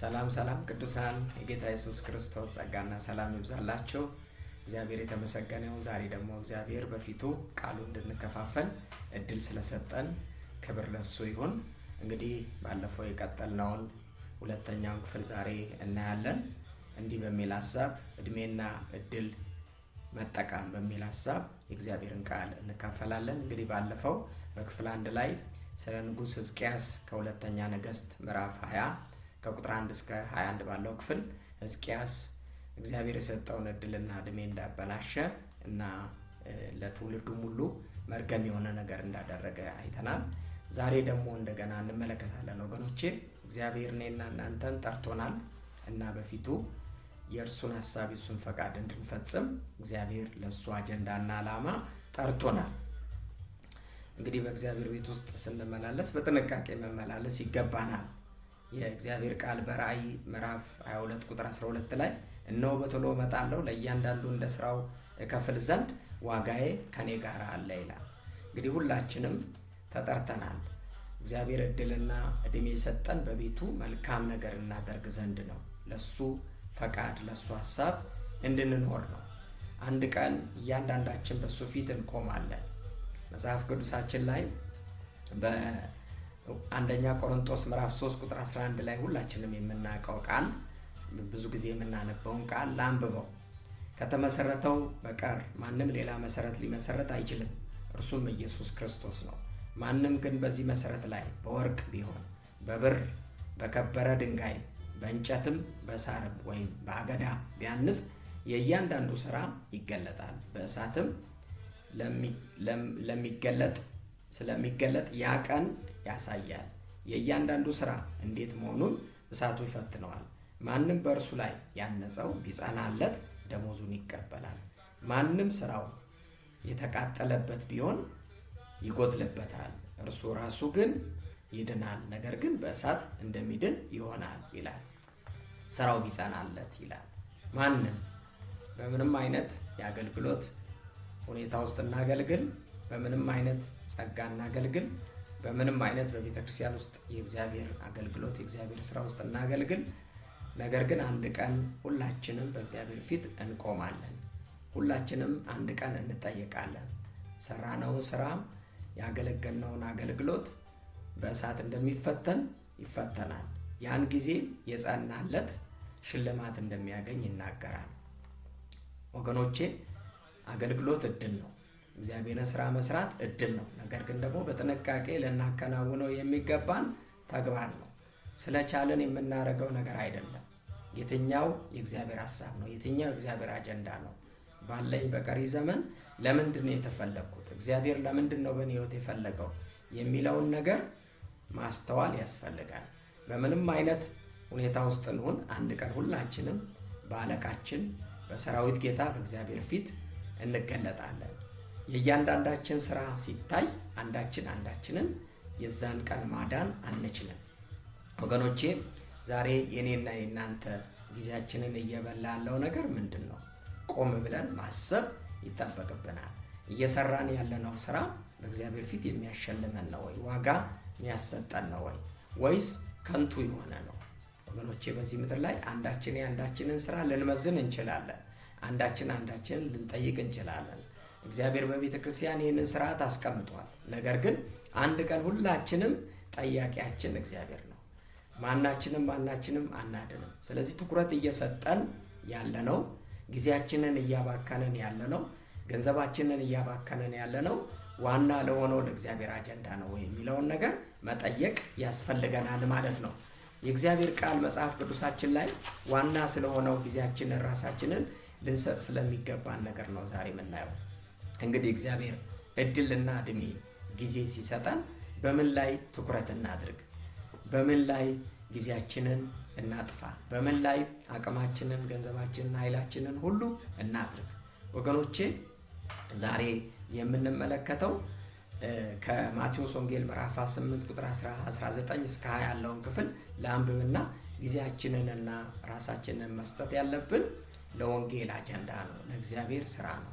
ሰላም ሰላም ቅዱሳን የጌታ ኢየሱስ ክርስቶስ ጸጋና ሰላም ይብዛላቸው እግዚአብሔር የተመሰገነው። ዛሬ ደግሞ እግዚአብሔር በፊቱ ቃሉ እንድንከፋፈል እድል ስለሰጠን ክብር ለሱ ይሁን። እንግዲህ ባለፈው የቀጠልነውን ሁለተኛውን ክፍል ዛሬ እናያለን። እንዲህ በሚል ሀሳብ እድሜና እድል መጠቀም በሚል ሀሳብ የእግዚአብሔርን ቃል እንካፈላለን። እንግዲህ ባለፈው በክፍል አንድ ላይ ስለ ንጉሥ ሕዝቅያስ ከሁለተኛ ነገሥት ምዕራፍ 20 ከቁጥር 1 እስከ 21 ባለው ክፍል ሕዝቅያስ እግዚአብሔር የሰጠውን እድልና እድሜ እንዳበላሸ እና ለትውልዱም ሁሉ መርገም የሆነ ነገር እንዳደረገ አይተናል። ዛሬ ደግሞ እንደገና እንመለከታለን። ወገኖቼ እግዚአብሔር እኔና እናንተን ጠርቶናል እና በፊቱ የእርሱን ሀሳብ የእሱን ፈቃድ እንድንፈጽም እግዚአብሔር ለእሱ አጀንዳና ዓላማ ጠርቶናል። እንግዲህ በእግዚአብሔር ቤት ውስጥ ስንመላለስ በጥንቃቄ መመላለስ ይገባናል። የእግዚአብሔር ቃል በራእይ ምዕራፍ 22 ቁጥር 12 ላይ እነሆ በቶሎ እመጣለሁ፣ ለእያንዳንዱ እንደ ስራው እከፍል ዘንድ ዋጋዬ ከኔ ጋር አለ ይላል። እንግዲህ ሁላችንም ተጠርተናል። እግዚአብሔር እድልና እድሜ የሰጠን በቤቱ መልካም ነገር እናደርግ ዘንድ ነው። ለሱ ፈቃድ፣ ለሱ ሀሳብ እንድንኖር ነው። አንድ ቀን እያንዳንዳችን በሱ ፊት እንቆማለን። መጽሐፍ ቅዱሳችን ላይ አንደኛ ቆሮንቶስ ምዕራፍ 3 ቁጥር 11 ላይ ሁላችንም የምናውቀው ቃል ብዙ ጊዜ የምናነበውን ቃል ላንብበው። ከተመሰረተው በቀር ማንም ሌላ መሰረት ሊመሰረት አይችልም፣ እርሱም ኢየሱስ ክርስቶስ ነው። ማንም ግን በዚህ መሰረት ላይ በወርቅ ቢሆን በብር በከበረ ድንጋይ በእንጨትም በሳርም ወይም በአገዳ ቢያንጽ የእያንዳንዱ ስራ ይገለጣል፣ በእሳትም ለሚገለጥ ስለሚገለጥ ያ ቀን ያሳያል። የእያንዳንዱ ሥራ እንዴት መሆኑን እሳቱ ይፈትነዋል። ማንም በእርሱ ላይ ያነጸው ቢጸናለት ደሞዙን ይቀበላል። ማንም ሥራው የተቃጠለበት ቢሆን ይጎድልበታል። እርሱ ራሱ ግን ይድናል፣ ነገር ግን በእሳት እንደሚድን ይሆናል ይላል። ሥራው ቢጸናለት ይላል። ማንም በምንም አይነት የአገልግሎት ሁኔታ ውስጥ እናገልግል፣ በምንም አይነት ጸጋ እናገልግል በምንም አይነት በቤተ ክርስቲያን ውስጥ የእግዚአብሔር አገልግሎት የእግዚአብሔር ስራ ውስጥ እናገልግል። ነገር ግን አንድ ቀን ሁላችንም በእግዚአብሔር ፊት እንቆማለን። ሁላችንም አንድ ቀን እንጠየቃለን። ሰራነውን ስራም ያገለገልነውን አገልግሎት በእሳት እንደሚፈተን ይፈተናል። ያን ጊዜ የጸናለት ሽልማት እንደሚያገኝ ይናገራል። ወገኖቼ አገልግሎት እድል ነው። እግዚአብሔርን ስራ መስራት እድል ነው። ነገር ግን ደግሞ በጥንቃቄ ልናከናውነው የሚገባን ተግባር ነው። ስለቻለን የምናደርገው ነገር አይደለም። የትኛው የእግዚአብሔር ሀሳብ ነው? የትኛው የእግዚአብሔር አጀንዳ ነው? ባለኝ በቀሪ ዘመን ለምንድን ነው የተፈለግኩት? እግዚአብሔር ለምንድን ነው በእኔ ህይወት የፈለገው የሚለውን ነገር ማስተዋል ያስፈልጋል። በምንም አይነት ሁኔታ ውስጥ እንሁን፣ አንድ ቀን ሁላችንም በአለቃችን በሰራዊት ጌታ በእግዚአብሔር ፊት እንገለጣለን። የእያንዳንዳችን ስራ ሲታይ አንዳችን አንዳችንን የዛን ቀን ማዳን አንችልም። ወገኖቼ ዛሬ የኔና የእናንተ ጊዜያችንን እየበላ ያለው ነገር ምንድን ነው? ቆም ብለን ማሰብ ይጠበቅብናል። እየሰራን ያለነው ስራ በእግዚአብሔር ፊት የሚያሸልመን ነው ወይ? ዋጋ የሚያሰጠን ነው ወይ? ወይስ ከንቱ የሆነ ነው? ወገኖቼ በዚህ ምድር ላይ አንዳችን የአንዳችንን ስራ ልንመዝን እንችላለን። አንዳችን አንዳችንን ልንጠይቅ እንችላለን። እግዚአብሔር በቤተ ክርስቲያን ይህንን ስርዓት አስቀምጧል። ነገር ግን አንድ ቀን ሁላችንም ጠያቂያችን እግዚአብሔር ነው። ማናችንም ማናችንም አናድንም። ስለዚህ ትኩረት እየሰጠን ያለ ነው፣ ጊዜያችንን እያባከንን ያለ ነው፣ ገንዘባችንን እያባከንን ያለ ነው። ዋና ለሆነው ለእግዚአብሔር አጀንዳ ነው የሚለውን ነገር መጠየቅ ያስፈልገናል ማለት ነው። የእግዚአብሔር ቃል መጽሐፍ ቅዱሳችን ላይ ዋና ስለሆነው ጊዜያችንን ራሳችንን ልንሰጥ ስለሚገባን ነገር ነው ዛሬ የምናየው። እንግዲህ እግዚአብሔር እድልና እድሜ ጊዜ ሲሰጠን በምን ላይ ትኩረት እናድርግ? በምን ላይ ጊዜያችንን እናጥፋ? በምን ላይ አቅማችንን፣ ገንዘባችንን፣ ኃይላችንን ሁሉ እናድርግ? ወገኖቼ ዛሬ የምንመለከተው ከማቴዎስ ወንጌል ምዕራፍ 8 ቁጥር 19 እስከ 20 ያለውን ክፍል ለአንብብና ጊዜያችንንና ራሳችንን መስጠት ያለብን ለወንጌል አጀንዳ ነው፣ ለእግዚአብሔር ስራ ነው።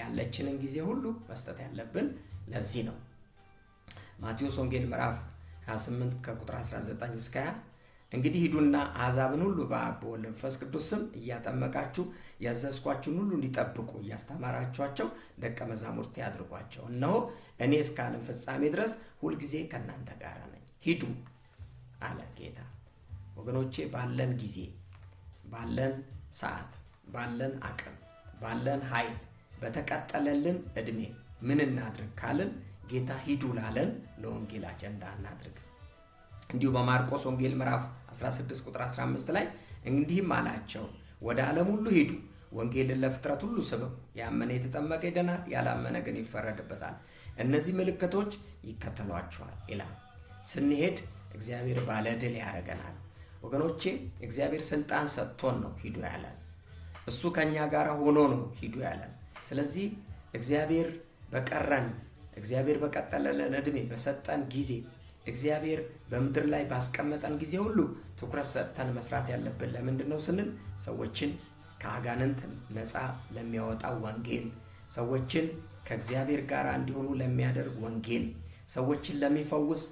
ያለችንን ጊዜ ሁሉ መስጠት ያለብን ለዚህ ነው። ማቴዎስ ወንጌል ምዕራፍ 28 ከቁጥር 19 እስከ 20 እንግዲህ ሂዱና አሕዛብን ሁሉ በአብ በወልድ ቅዱስ ስም እያጠመቃችሁ ያዘዝኳችሁን ሁሉ እንዲጠብቁ እያስተማራችኋቸው ደቀ መዛሙርት ያድርጓቸው። እነሆ እኔ እስከ ዓለም ፍጻሜ ድረስ ሁልጊዜ ከእናንተ ጋር ነኝ። ሂዱ አለ ጌታ። ወገኖቼ ባለን ጊዜ ባለን ሰዓት ባለን አቅም ባለን ኃይል በተቀጠለልን እድሜ ምን እናድርግ ካልን ጌታ ሂዱ ላለን ለወንጌል አጀንዳ እናድርግ። እንዲሁ በማርቆስ ወንጌል ምዕራፍ 16 ቁጥር 15 ላይ እንዲህም አላቸው፣ ወደ ዓለም ሁሉ ሂዱ ወንጌልን ለፍጥረት ሁሉ ስበው፣ ያመነ የተጠመቀ ይድናል፣ ያላመነ ግን ይፈረድበታል። እነዚህ ምልክቶች ይከተሏቸዋል ይላል። ስንሄድ እግዚአብሔር ባለድል ያደርገናል። ወገኖቼ እግዚአብሔር ስልጣን ሰጥቶን ነው ሂዱ ያለን። እሱ ከእኛ ጋር ሆኖ ነው ሂዱ ያለን። ስለዚህ እግዚአብሔር በቀረን እግዚአብሔር በቀጠለልን እድሜ በሰጠን ጊዜ እግዚአብሔር በምድር ላይ ባስቀመጠን ጊዜ ሁሉ ትኩረት ሰጥተን መስራት ያለብን ለምንድን ነው ስንል ሰዎችን ከአጋንንት ነፃ ለሚያወጣው ወንጌል፣ ሰዎችን ከእግዚአብሔር ጋር እንዲሆኑ ለሚያደርግ ወንጌል፣ ሰዎችን ለሚፈውስ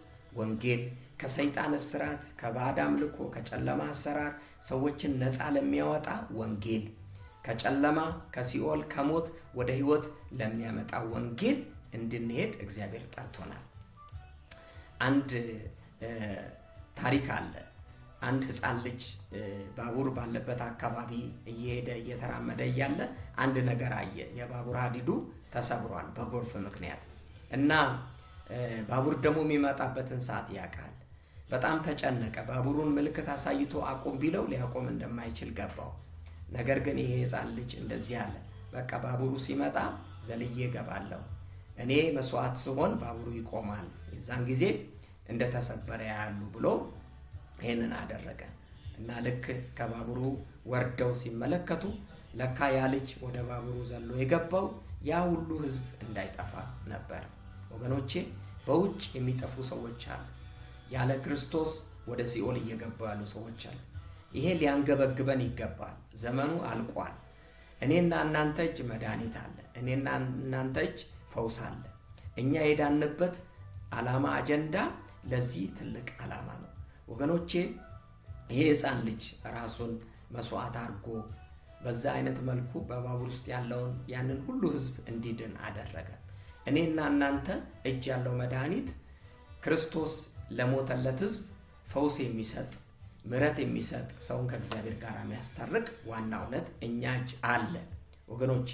ወንጌል፣ ከሰይጣን እስራት፣ ከባዕድ አምልኮ፣ ከጨለማ አሰራር ሰዎችን ነፃ ለሚያወጣ ወንጌል ከጨለማ ከሲኦል ከሞት ወደ ህይወት ለሚያመጣ ወንጌል እንድንሄድ እግዚአብሔር ጠርቶናል። አንድ ታሪክ አለ። አንድ ህፃን ልጅ ባቡር ባለበት አካባቢ እየሄደ እየተራመደ እያለ አንድ ነገር አየ። የባቡር ሀዲዱ ተሰብሯል በጎርፍ ምክንያት እና ባቡር ደግሞ የሚመጣበትን ሰዓት ያውቃል። በጣም ተጨነቀ። ባቡሩን ምልክት አሳይቶ አቁም ቢለው ሊያቆም እንደማይችል ገባው። ነገር ግን ይሄ ሕፃን ልጅ እንደዚህ አለ፣ በቃ ባቡሩ ሲመጣ ዘልዬ እገባለሁ። እኔ መስዋዕት ስሆን ባቡሩ ይቆማል፣ የዛን ጊዜ እንደተሰበረ ያሉ ብሎ ይህንን አደረገ እና ልክ ከባቡሩ ወርደው ሲመለከቱ ለካ ያ ልጅ ወደ ባቡሩ ዘሎ የገባው ያ ሁሉ ህዝብ እንዳይጠፋ ነበር። ወገኖቼ በውጭ የሚጠፉ ሰዎች አሉ። ያለ ክርስቶስ ወደ ሲኦል እየገቡ ያሉ ሰዎች አሉ። ይሄ ሊያንገበግበን ይገባል። ዘመኑ አልቋል። እኔና እናንተ እጅ መድኃኒት አለ። እኔና እናንተ እጅ ፈውስ አለ። እኛ የዳንበት ዓላማ አጀንዳ ለዚህ ትልቅ ዓላማ ነው ወገኖቼ። ይሄ ሕፃን ልጅ ራሱን መስዋዕት አድርጎ በዛ አይነት መልኩ በባቡር ውስጥ ያለውን ያንን ሁሉ ህዝብ እንዲድን አደረገ። እኔና እናንተ እጅ ያለው መድኃኒት ክርስቶስ ለሞተለት ህዝብ ፈውስ የሚሰጥ ምሕረት የሚሰጥ ሰውን ከእግዚአብሔር ጋር የሚያስታርቅ ዋና እውነት እኛ እጅ አለ። ወገኖቼ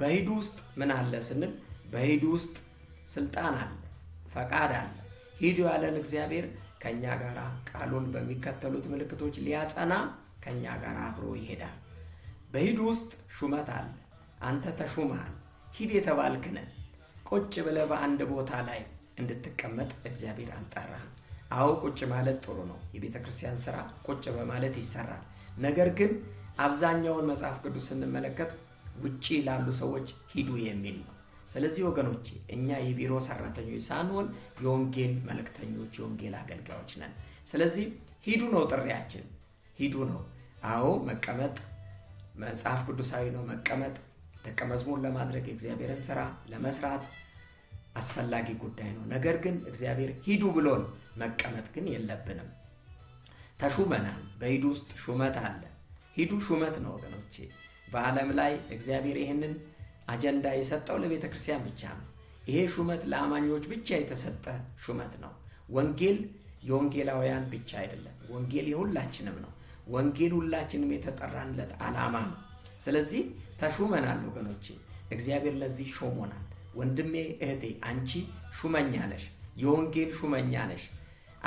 በሂዱ ውስጥ ምን አለ ስንል በሂዱ ውስጥ ስልጣን አለ፣ ፈቃድ አለ። ሂዱ ያለን እግዚአብሔር ከእኛ ጋር ቃሉን በሚከተሉት ምልክቶች ሊያጸና ከእኛ ጋር አብሮ ይሄዳል። በሂዱ ውስጥ ሹመት አለ። አንተ ተሹመሃል፣ ሂድ የተባልክነ ቁጭ ብለህ በአንድ ቦታ ላይ እንድትቀመጥ እግዚአብሔር አልጠራህም። አዎ ቁጭ ማለት ጥሩ ነው። የቤተ ክርስቲያን ስራ ቁጭ በማለት ይሰራል። ነገር ግን አብዛኛውን መጽሐፍ ቅዱስ ስንመለከት ውጪ ላሉ ሰዎች ሂዱ የሚል ነው። ስለዚህ ወገኖቼ እኛ የቢሮ ሰራተኞች ሳንሆን የወንጌል መልእክተኞች፣ የወንጌል አገልጋዮች ነን። ስለዚህ ሂዱ ነው ጥሪያችን፣ ሂዱ ነው። አዎ መቀመጥ መጽሐፍ ቅዱሳዊ ነው። መቀመጥ ደቀ መዝሙር ለማድረግ የእግዚአብሔርን ስራ ለመስራት አስፈላጊ ጉዳይ ነው። ነገር ግን እግዚአብሔር ሂዱ ብሎን መቀመጥ ግን የለብንም። ተሹመናል። በሂዱ ውስጥ ሹመት አለ። ሂዱ ሹመት ነው ወገኖቼ። በዓለም ላይ እግዚአብሔር ይህንን አጀንዳ የሰጠው ለቤተ ክርስቲያን ብቻ ነው። ይሄ ሹመት ለአማኞች ብቻ የተሰጠ ሹመት ነው። ወንጌል የወንጌላውያን ብቻ አይደለም። ወንጌል የሁላችንም ነው። ወንጌል ሁላችንም የተጠራንለት ዓላማ ነው። ስለዚህ ተሹመናል ወገኖቼ፣ እግዚአብሔር ለዚህ ሾሞናል። ወንድሜ እህቴ፣ አንቺ ሹመኛ ነሽ፣ የወንጌል ሹመኛ ነሽ።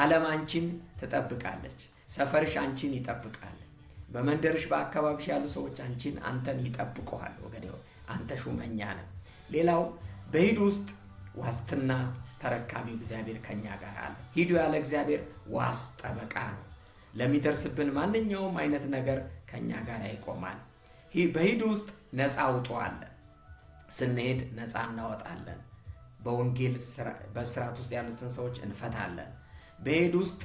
ዓለም አንቺን ትጠብቃለች። ሰፈርሽ አንቺን ይጠብቃል። በመንደርሽ በአካባቢሽ ያሉ ሰዎች አንቺን አንተን ይጠብቁሃል። ወገኔ አንተ ሹመኛ ነህ። ሌላው በሂድ ውስጥ ዋስትና ተረካቢው እግዚአብሔር ከኛ ጋር አለ። ሂዱ ያለ እግዚአብሔር ዋስ ጠበቃ ነው። ለሚደርስብን ማንኛውም አይነት ነገር ከኛ ጋር ይቆማል። በሂድ ውስጥ ነፃ አውጦ አለ። ስንሄድ ነፃ እናወጣለን። በወንጌል በስርዓት ውስጥ ያሉትን ሰዎች እንፈታለን። በሄድ ውስጥ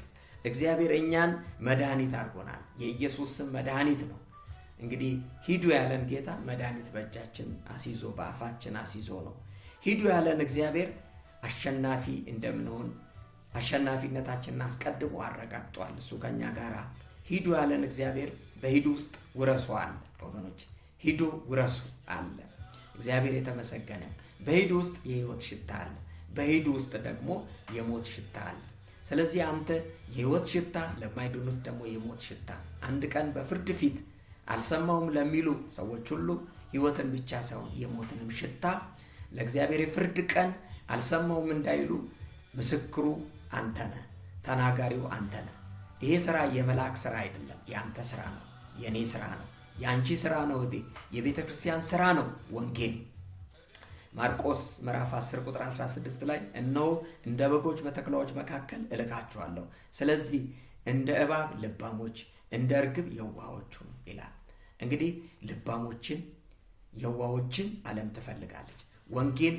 እግዚአብሔር እኛን መድኃኒት አድርጎናል። የኢየሱስ ስም መድኃኒት ነው። እንግዲህ ሂዱ ያለን ጌታ መድኃኒት በእጃችን አስይዞ በአፋችን አስይዞ ነው። ሂዱ ያለን እግዚአብሔር አሸናፊ እንደምንሆን አሸናፊነታችንን አስቀድሞ አረጋግጧል። እሱ ከኛ ጋር ሂዱ ያለን እግዚአብሔር በሂዱ ውስጥ ውረሱ አለ። ወገኖች ሂዱ ውረሱ አለ። እግዚአብሔር የተመሰገነ። በሂድ ውስጥ የህይወት ሽታ አለ። በሂድ ውስጥ ደግሞ የሞት ሽታ አለ። ስለዚህ አንተ የህይወት ሽታ ለማይድኑት ደግሞ የሞት ሽታ። አንድ ቀን በፍርድ ፊት አልሰማውም ለሚሉ ሰዎች ሁሉ ህይወትን ብቻ ሳይሆን የሞትንም ሽታ ለእግዚአብሔር የፍርድ ቀን አልሰማውም እንዳይሉ ምስክሩ አንተ ነህ፣ ተናጋሪው አንተ ነህ። ይሄ ስራ የመልአክ ስራ አይደለም፣ የአንተ ስራ ነው፣ የእኔ ስራ ነው። የአንቺ ስራ ነው እህቴ፣ የቤተ ክርስቲያን ስራ ነው ወንጌል። ማርቆስ ምዕራፍ 10 ቁጥር 16 ላይ እነሆ እንደ በጎች በተኩላዎች መካከል እልካችኋለሁ፣ ስለዚህ እንደ እባብ ልባሞች፣ እንደ እርግብ የዋሆች ሁኑ ይላል። እንግዲህ ልባሞችን የዋዎችን ዓለም ትፈልጋለች። ወንጌል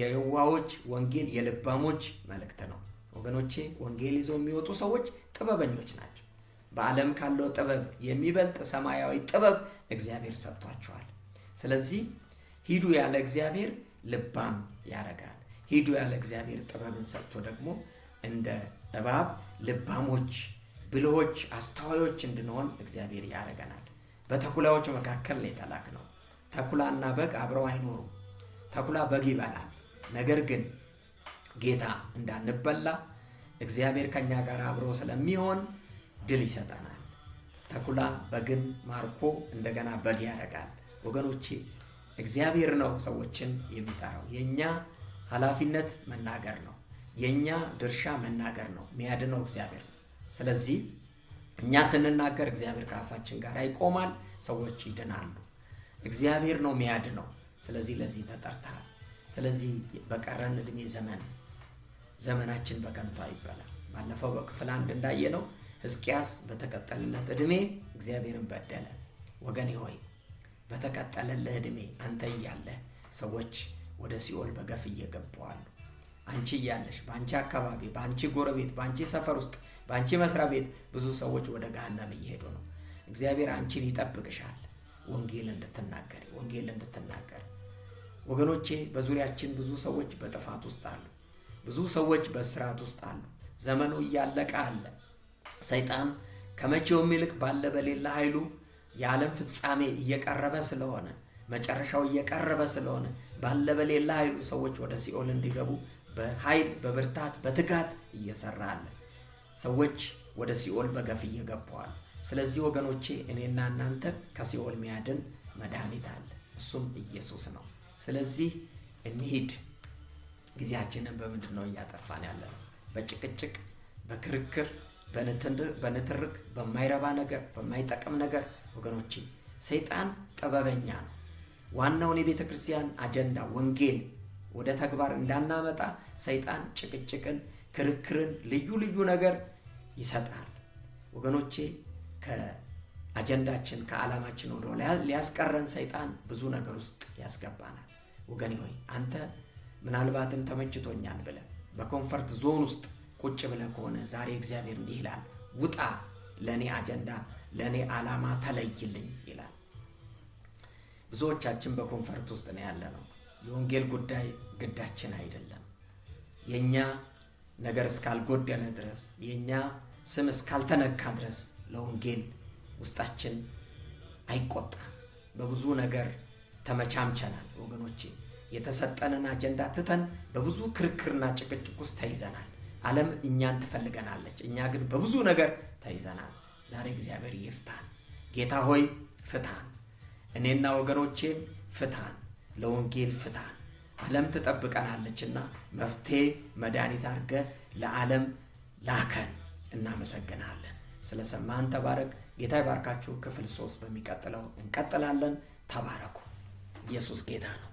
የየዋዎች ወንጌል የልባሞች መልእክት ነው። ወገኖቼ ወንጌል ይዘው የሚወጡ ሰዎች ጥበበኞች ናቸው። በዓለም ካለው ጥበብ የሚበልጥ ሰማያዊ ጥበብ እግዚአብሔር ሰጥቷቸዋል። ስለዚህ ሂዱ ያለ እግዚአብሔር ልባም ያረጋል። ሂዱ ያለ እግዚአብሔር ጥበብን ሰጥቶ ደግሞ እንደ እባብ ልባሞች፣ ብልሆች፣ አስተዋዮች እንድንሆን እግዚአብሔር ያረገናል። በተኩላዎች መካከል ነው ነው። ተኩላና በግ አብረው አይኖሩም። ተኩላ በግ ይበላል። ነገር ግን ጌታ እንዳንበላ እግዚአብሔር ከኛ ጋር አብሮ ስለሚሆን ድል ይሰጠናል። ተኩላ በግን ማርኮ እንደገና በግ ያደርጋል። ወገኖቼ እግዚአብሔር ነው ሰዎችን የሚጠራው። የእኛ ኃላፊነት መናገር ነው። የእኛ ድርሻ መናገር ነው። የሚያድነው እግዚአብሔር ነው። ስለዚህ እኛ ስንናገር እግዚአብሔር ከአፋችን ጋር ይቆማል። ሰዎች ይድናሉ። እግዚአብሔር ነው የሚያድነው። ስለዚህ ለዚህ ተጠርተሃል። ስለዚህ በቀረን እድሜ ዘመን ዘመናችን በከንቱ አይበላል። ባለፈው በክፍል አንድ እንዳየ ነው ሕዝቅያስ በተቀጠለለት ዕድሜ እግዚአብሔርን በደለ። ወገኔ ሆይ በተቀጠለልህ ዕድሜ አንተ እያለህ ሰዎች ወደ ሲኦል በገፍ እየገቡ አሉ። አንቺ እያለሽ በአንቺ አካባቢ፣ በአንቺ ጎረቤት፣ በአንቺ ሰፈር ውስጥ፣ በአንቺ መስሪያ ቤት ብዙ ሰዎች ወደ ገሃነም እየሄዱ ነው። እግዚአብሔር አንቺን ይጠብቅሻል፣ ወንጌል እንድትናገሪ ወንጌል እንድትናገር። ወገኖቼ በዙሪያችን ብዙ ሰዎች በጥፋት ውስጥ አሉ። ብዙ ሰዎች በስርዓት ውስጥ አሉ። ዘመኑ እያለቀ አለ። ሰይጣን ከመቼውም ይልቅ ባለ በሌለ ኃይሉ የዓለም ፍጻሜ እየቀረበ ስለሆነ መጨረሻው እየቀረበ ስለሆነ ባለ በሌለ ኃይሉ ሰዎች ወደ ሲኦል እንዲገቡ በኃይል በብርታት በትጋት እየሰራ አለ። ሰዎች ወደ ሲኦል በገፍ እየገባዋል። ስለዚህ ወገኖቼ እኔና እናንተ ከሲኦል ሚያድን መድኃኒት አለ፣ እሱም ኢየሱስ ነው። ስለዚህ እንሂድ። ጊዜያችንን በምንድን ነው እያጠፋን ያለ ነው? በጭቅጭቅ በክርክር በንትርክ በማይረባ ነገር በማይጠቅም ነገር ወገኖች፣ ሰይጣን ጥበበኛ ነው። ዋናውን የቤተ ክርስቲያን አጀንዳ ወንጌል ወደ ተግባር እንዳናመጣ ሰይጣን ጭቅጭቅን፣ ክርክርን፣ ልዩ ልዩ ነገር ይሰጣል ወገኖቼ። ከአጀንዳችን ከዓላማችን ወደ ሊያስቀረን ሰይጣን ብዙ ነገር ውስጥ ያስገባናል። ወገኔ ሆይ አንተ ምናልባትም ተመችቶኛል ብለ በኮንፈርት ዞን ውስጥ ቁጭ ብለህ ከሆነ ዛሬ እግዚአብሔር እንዲህ ይላል፣ ውጣ፣ ለእኔ አጀንዳ፣ ለእኔ ዓላማ ተለይልኝ ይላል። ብዙዎቻችን በኮንፈርት ውስጥ ነው ያለ ነው። የወንጌል ጉዳይ ግዳችን አይደለም። የእኛ ነገር እስካልጎደነ ድረስ የእኛ ስም እስካልተነካ ድረስ ለወንጌል ውስጣችን አይቆጣም። በብዙ ነገር ተመቻምቸናል ወገኖቼ። የተሰጠንን አጀንዳ ትተን በብዙ ክርክርና ጭቅጭቅ ውስጥ ተይዘናል። ዓለም እኛን ትፈልገናለች፣ እኛ ግን በብዙ ነገር ተይዘናል። ዛሬ እግዚአብሔር ይፍታን። ጌታ ሆይ ፍታን፣ እኔና ወገኖቼን ፍታን፣ ለወንጌል ፍታን። ዓለም ትጠብቀናለችና መፍትሄ መድኃኒት አድርገ ለዓለም ላከን። እናመሰግናለን። ስለሰማን ተባረክ። ጌታ ይባርካችሁ። ክፍል ሶስት በሚቀጥለው እንቀጥላለን። ተባረኩ። ኢየሱስ ጌታ ነው።